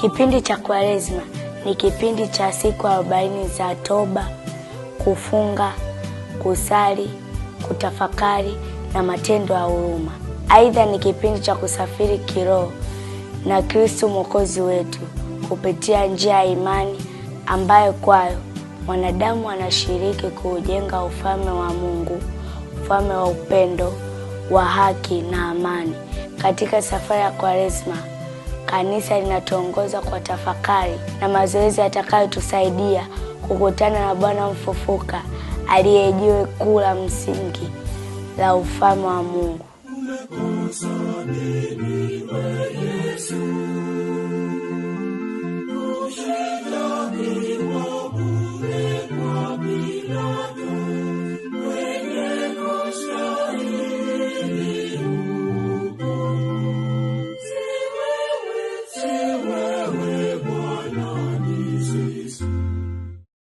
Kipindi cha Kwaresma ni kipindi cha siku arobaini za toba, kufunga, kusali, kutafakari na matendo ya huruma. Aidha, ni kipindi cha kusafiri kiroho na Kristu Mwokozi wetu kupitia njia ya imani ambayo kwayo mwanadamu anashiriki kuujenga ufalme wa Mungu, ufalme wa upendo, wa haki na amani. Katika safari ya Kwaresma Kanisa linatuongoza kwa tafakari na mazoezi yatakayotusaidia kukutana na Bwana mfufuka aliye jiwe kuu la msingi la ufalme wa Mungu.